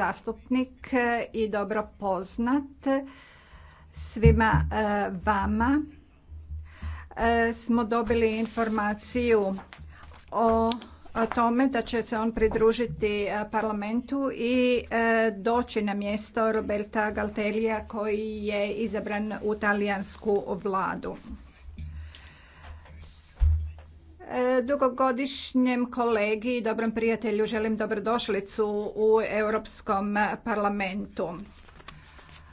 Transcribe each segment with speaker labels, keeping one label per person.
Speaker 1: zastupnik e, i dobro poznat svima e, vama. E, smo dobili informaciju o tome da će se on pridružiti parlamentu i doći na mjesto Roberta Galtelija koji je izabran u talijansku vladu dugogodišnjem kolegi i dobrom prijatelju želim dobrodošlicu u Europskom parlamentu.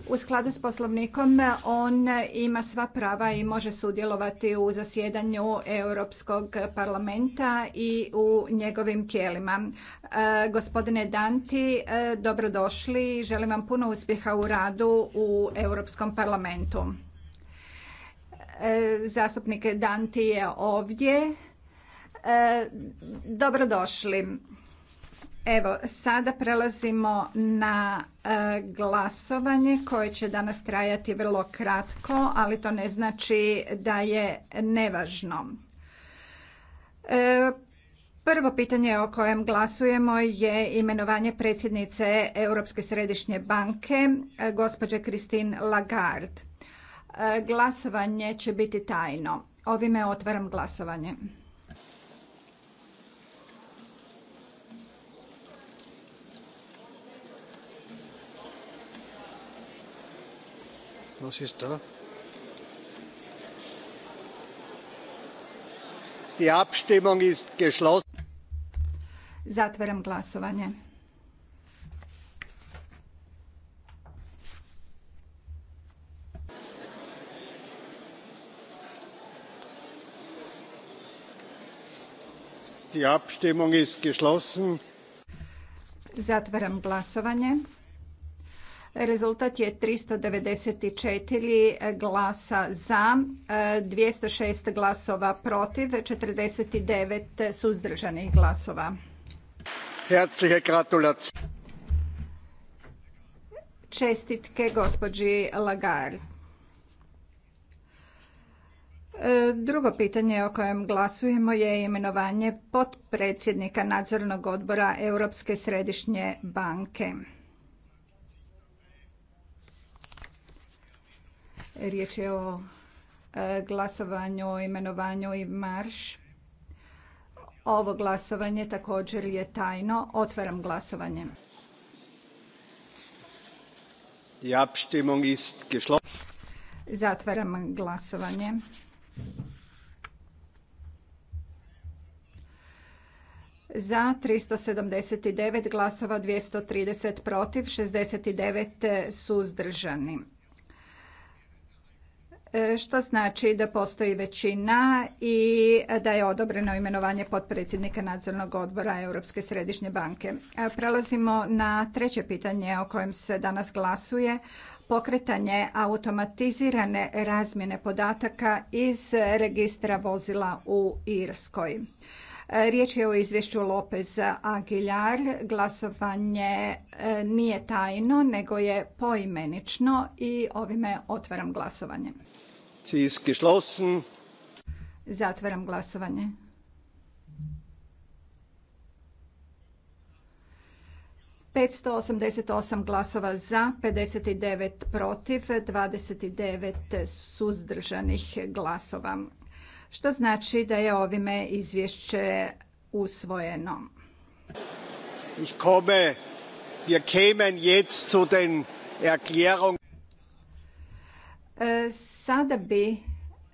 Speaker 1: U skladu s poslovnikom on ima sva prava i može sudjelovati u zasjedanju Europskog parlamenta i u njegovim tijelima. E, gospodine Danti, e, dobrodošli i želim vam puno uspjeha u radu u Europskom parlamentu. E, zastupnik Danti je ovdje. E, dobrodošli. Evo, sada prelazimo na e, glasovanje koje će danas trajati vrlo kratko, ali to ne znači da je nevažno. E, prvo pitanje o kojem glasujemo je imenovanje predsjednice Europske središnje banke, gospođe Christine Lagarde. Glasovanje će biti tajno. Ovime otvaram glasovanje.
Speaker 2: Was ist da? Die Abstimmung ist
Speaker 1: geschlossen. Zatvaram glasovanje.
Speaker 2: Die Abstimmung ist geschlossen.
Speaker 1: Zatvaram glasovanje. Rezultat je 394 glasa za, 206 glasova protiv, 49 suzdržanih glasova.
Speaker 2: Herzliche gratulacije.
Speaker 1: Čestitke gospođi Lagar. Drugo pitanje o kojem glasujemo je imenovanje potpredsjednika nadzornog odbora Europske središnje banke. Riječ je o e, glasovanju o imenovanju i marš. Ovo glasovanje također je tajno. Otvaram glasovanje. Zatvaram glasovanje. Za 379 glasova, 230 protiv, 69 suzdržani. E, što znači da postoji većina i da je odobreno imenovanje potpredsjednika nadzornog odbora Europske središnje banke. E, prelazimo na treće pitanje o kojem se danas glasuje, pokretanje automatizirane razmjene podataka iz registra vozila u Irskoj. E, riječ je o izvješću Lopez Aguilar. Glasovanje nije tajno, nego je poimenično i ovime otvaram glasovanje.
Speaker 2: Sie ist geschlossen.
Speaker 1: Zatvaram glasovanje. petsto osamdeset osam glasova za pedeset devet protiv dvadeset devet suzdržanih glasova što znači da je ovime izvješće usvojeno
Speaker 2: ich komme wir kämen jetzt zu den
Speaker 1: E, sada bi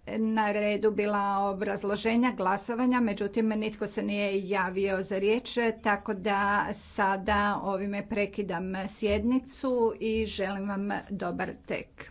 Speaker 1: na redu bila obrazloženja glasovanja, međutim nitko se nije javio za riječ, tako da sada ovime prekidam sjednicu i želim vam dobar tek.